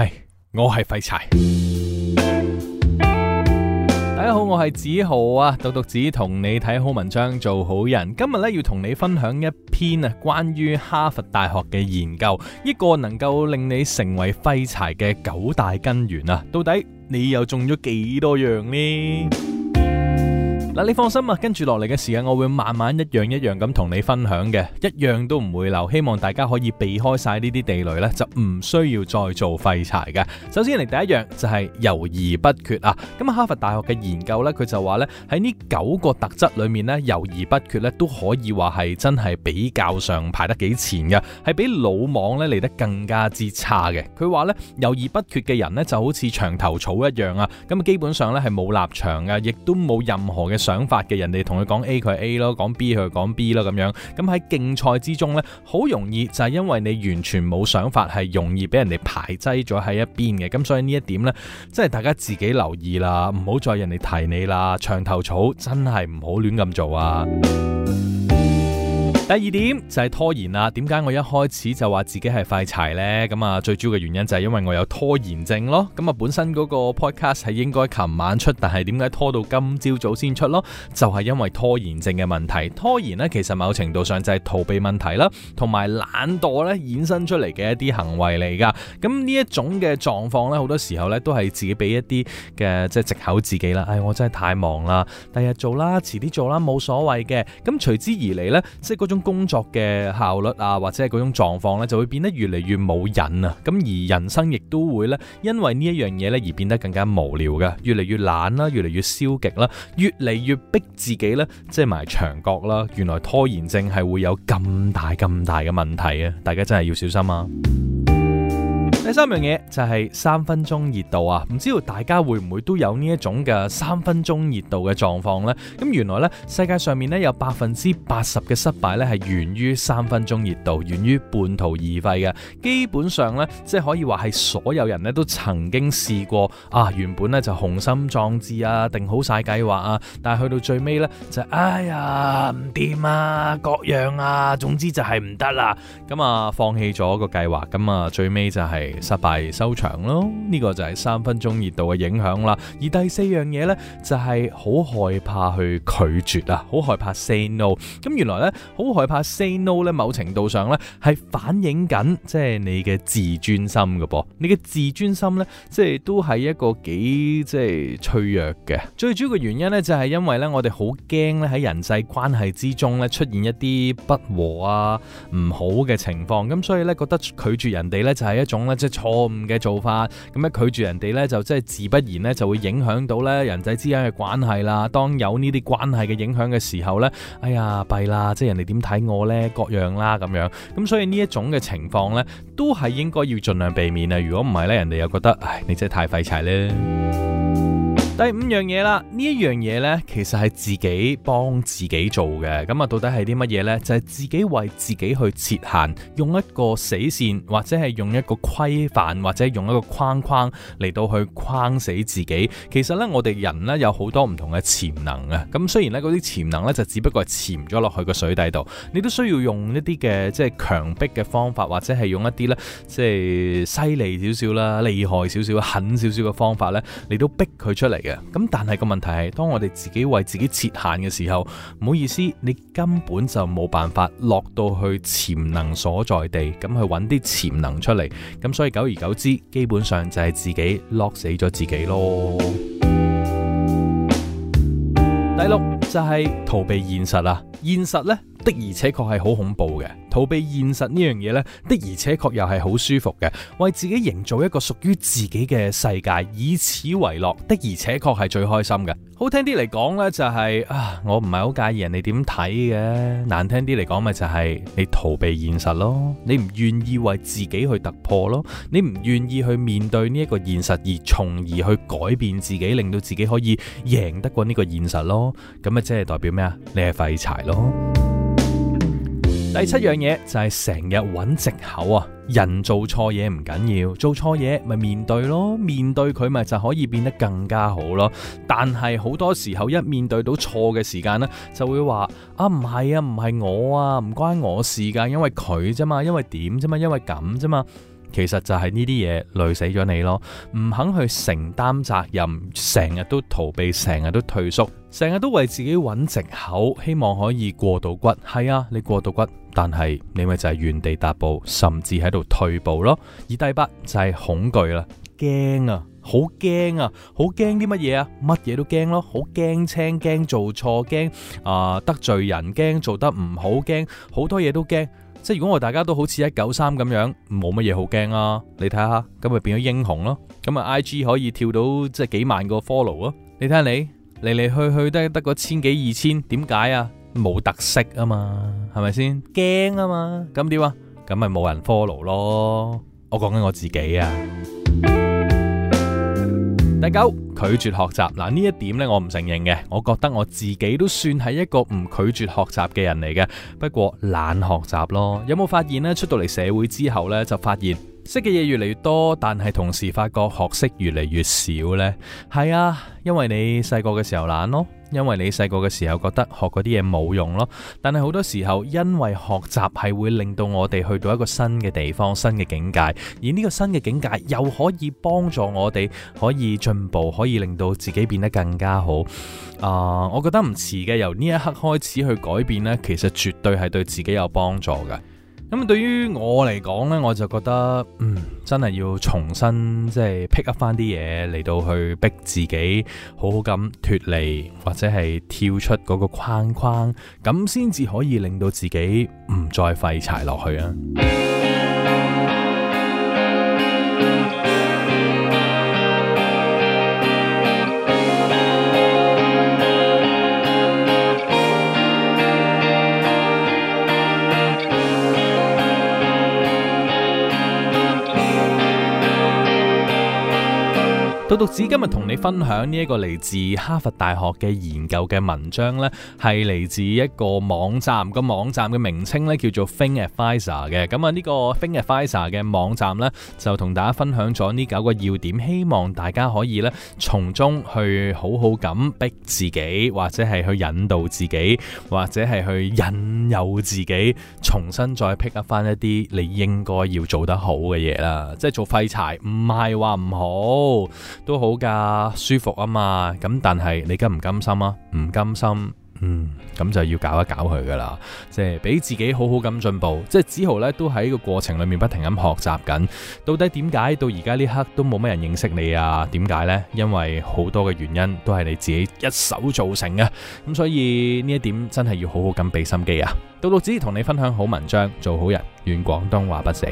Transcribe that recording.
哎、我係廢柴，大家好，我係梓豪啊，獨讀子同你睇好文章，做好人。今日咧要同你分享一篇啊，關於哈佛大學嘅研究，一個能夠令你成為廢柴嘅九大根源啊，到底你又中咗幾多樣呢？嗱，你放心啊，跟住落嚟嘅時間我會慢慢一樣一樣咁同你分享嘅，一樣都唔會漏。希望大家可以避開晒呢啲地雷呢，就唔需要再做廢柴嘅。首先嚟第一樣就係猶豫不決啊。咁哈佛大學嘅研究呢，佢就話呢，喺呢九個特質裏面呢，猶豫不決呢都可以話係真係比較上排得幾前嘅，係比魯莽呢嚟得更加之差嘅。佢話呢，猶豫不決嘅人呢，就好似牆頭草一樣啊，咁基本上呢係冇立場嘅，亦都冇任何嘅。想法嘅，人哋同佢講 A 佢 A 咯，講 B 佢係講 B 咯咁樣，咁喺競賽之中呢，好容易就係因為你完全冇想法，係容易俾人哋排擠咗喺一邊嘅，咁所以呢一點呢，即係大家自己留意啦，唔好再人哋提你啦，牆頭草真係唔好亂咁做啊！第二點就係、是、拖延啦。點解我一開始就話自己係廢柴呢？咁啊，最主要嘅原因就係因為我有拖延症咯。咁啊，本身嗰個 podcast 係應該琴晚出，但係點解拖到今朝早先出咯？就係、是、因為拖延症嘅問題。拖延呢，其實某程度上就係逃避問題啦，同埋懶惰咧衍生出嚟嘅一啲行為嚟噶。咁呢一種嘅狀況呢，好多時候呢都係自己俾一啲嘅即係藉口自己啦。唉、哎，我真係太忙啦，第日做啦，遲啲做啦，冇所謂嘅。咁隨之而嚟呢，即係嗰種，工作嘅效率啊，或者係嗰種狀況呢，就會變得越嚟越冇癮啊。咁而人生亦都會呢，因為呢一樣嘢呢，而變得更加無聊嘅，越嚟越懶啦、啊，越嚟越消極啦、啊，越嚟越逼自己呢，即係埋牆角啦、啊。原來拖延症係會有咁大咁大嘅問題啊！大家真係要小心啊！第三樣嘢就係三分鐘熱度啊，唔知道大家會唔會都有呢一種嘅三分鐘熱度嘅狀況呢？咁原來呢，世界上面呢，有百分之八十嘅失敗呢，係源於三分鐘熱度，源於半途而廢嘅。基本上呢，即係可以話係所有人呢，都曾經試過啊，原本呢就雄心壯志啊，定好晒計劃啊，但係去到最尾呢，就哎呀唔掂啊，各樣啊，總之就係唔得啦。咁啊，放棄咗個計劃，咁啊最尾就係失敗收場咯，呢個就係三分鐘熱度嘅影響啦。而第四樣嘢呢，就係好害怕去拒絕啊，好害怕 say no。咁原來呢，好害怕 say no 呢，某程度上呢，係反映緊即係你嘅自尊心㗎噃。你嘅自尊心呢，即係都係一個幾即係脆弱嘅。最主要嘅原因呢，就係因為呢，我哋好驚，咧喺人際關係之中呢，出現一啲不和啊，唔好嘅情況，咁所以呢，覺得拒絕人哋呢，就係一種呢。即錯誤嘅做法，咁一拒絕人哋呢，就即係自不然咧，就會影響到咧人際之間嘅關係啦。當有呢啲關係嘅影響嘅時候呢，哎呀，弊啦！即係人哋點睇我呢，各樣啦咁樣。咁所以呢一種嘅情況呢，都係應該要盡量避免啊。如果唔係呢，人哋又覺得，唉，你真係太廢柴咧。第五樣嘢啦，呢一樣嘢咧，其實係自己幫自己做嘅。咁啊，到底係啲乜嘢咧？就係自己為自己去設限，用一個死線或者係用一個規範或者用一個框框嚟到去框死自己。其實咧，我哋人咧有好多唔同嘅潛能啊，咁雖然咧啲潛能咧就只不過係潛咗落去個水底度，你都需要用一啲嘅即係強迫嘅方法，或者係用一啲咧即係犀利少少啦、厲害少少、狠少少嘅方法咧，你都逼佢出嚟嘅。咁但係個問題係，當我哋自己為自己設限嘅時候，唔好意思，你根本就冇辦法落到去潛能所在地，咁去揾啲潛能出嚟。咁所以久而久之，基本上就係自己落死咗自己咯。第六就係逃避現實啦！現實呢，的而且確係好恐怖嘅。逃避現實呢樣嘢呢，的而且確又係好舒服嘅，為自己營造一個屬於自己嘅世界，以此為樂，的而且確係最開心嘅。好聽啲嚟講呢，就係啊，我唔係好介意人哋點睇嘅。難聽啲嚟講咪就係你逃避現實咯，你唔願意為自己去突破咯，你唔願意去面對呢一個現實而從而去改變自己，令到自己可以贏得過呢個現實咯。咁咪即係代表咩啊？你係廢柴咯！第七樣嘢就係成日揾藉口啊！人做錯嘢唔緊要，做錯嘢咪面對咯，面對佢咪就可以變得更加好咯。但係好多時候一面對到錯嘅時間呢，就會話啊，唔係啊，唔係我啊，唔關我事噶，因為佢咋嘛，因為點咋嘛，因為咁咋嘛。其實就係呢啲嘢累死咗你咯，唔肯去承擔責任，成日都逃避，成日都退縮，成日都為自己揾藉口，希望可以過到骨。係啊，你過到骨，但係你咪就係原地踏步，甚至喺度退步咯。而第八就係恐懼啦，驚啊，好驚啊，好驚啲乜嘢啊？乜嘢都驚咯，好驚青，驚做錯，驚啊得罪人，驚做得唔好，驚好多嘢都驚。即係如果我大家都好似一九三咁樣，冇乜嘢好驚啊！你睇下，咁咪變咗英雄咯？咁啊，I G 可以跳到即係幾萬個 follow 啊！你睇下你嚟嚟去去都係得個千幾二千，點解啊？冇特色啊嘛，係咪先？驚啊嘛，咁點啊？咁咪冇人 follow 咯！我講緊我自己啊。第九，拒絕學習。嗱呢一點咧，我唔承認嘅。我覺得我自己都算係一個唔拒絕學習嘅人嚟嘅，不過懶學習咯。有冇發現咧？出到嚟社會之後咧，就發現，識嘅嘢越嚟越多，但係同時發覺學識越嚟越少呢？係啊，因為你細個嘅時候懶咯，因為你細個嘅時候覺得學嗰啲嘢冇用咯，但係好多時候因為學習係會令到我哋去到一個新嘅地方、新嘅境界，而呢個新嘅境界又可以幫助我哋可以進步，可以令到自己變得更加好。啊、uh，我覺得唔遲嘅，由呢一刻開始去改變呢，其實絕對係對自己有幫助嘅。咁對於我嚟講咧，我就覺得嗯，真係要重新即係、就是、pick up 翻啲嘢，嚟到去逼自己好好咁脫離或者係跳出嗰個框框，咁先至可以令到自己唔再廢柴落去啊。獨讀子今日同你分享呢一個嚟自哈佛大學嘅研究嘅文章呢係嚟自一個網站，個網站嘅名稱呢叫做 ThinkAdvisor 嘅。咁啊呢個 ThinkAdvisor 嘅網站呢，就同大家分享咗呢九個要點，希望大家可以呢從中去好好咁逼自己，或者係去引導自己，或者係去引誘自己，重新再 pick up 翻一啲你應該要做得好嘅嘢啦。即係做廢柴唔係話唔好。都好噶，舒服啊嘛。咁但係你甘唔甘心啊？唔甘心，嗯，咁就要搞一搞佢噶啦。即係俾自己好好咁進步。即係梓豪呢都喺個過程裏面不停咁學習緊。到底點解到而家呢刻都冇乜人認識你啊？點解呢？因為好多嘅原因都係你自己一手造成嘅。咁所以呢一點真係要好好咁俾心機啊。獨讀子同你分享好文章，做好人，願廣東話不死。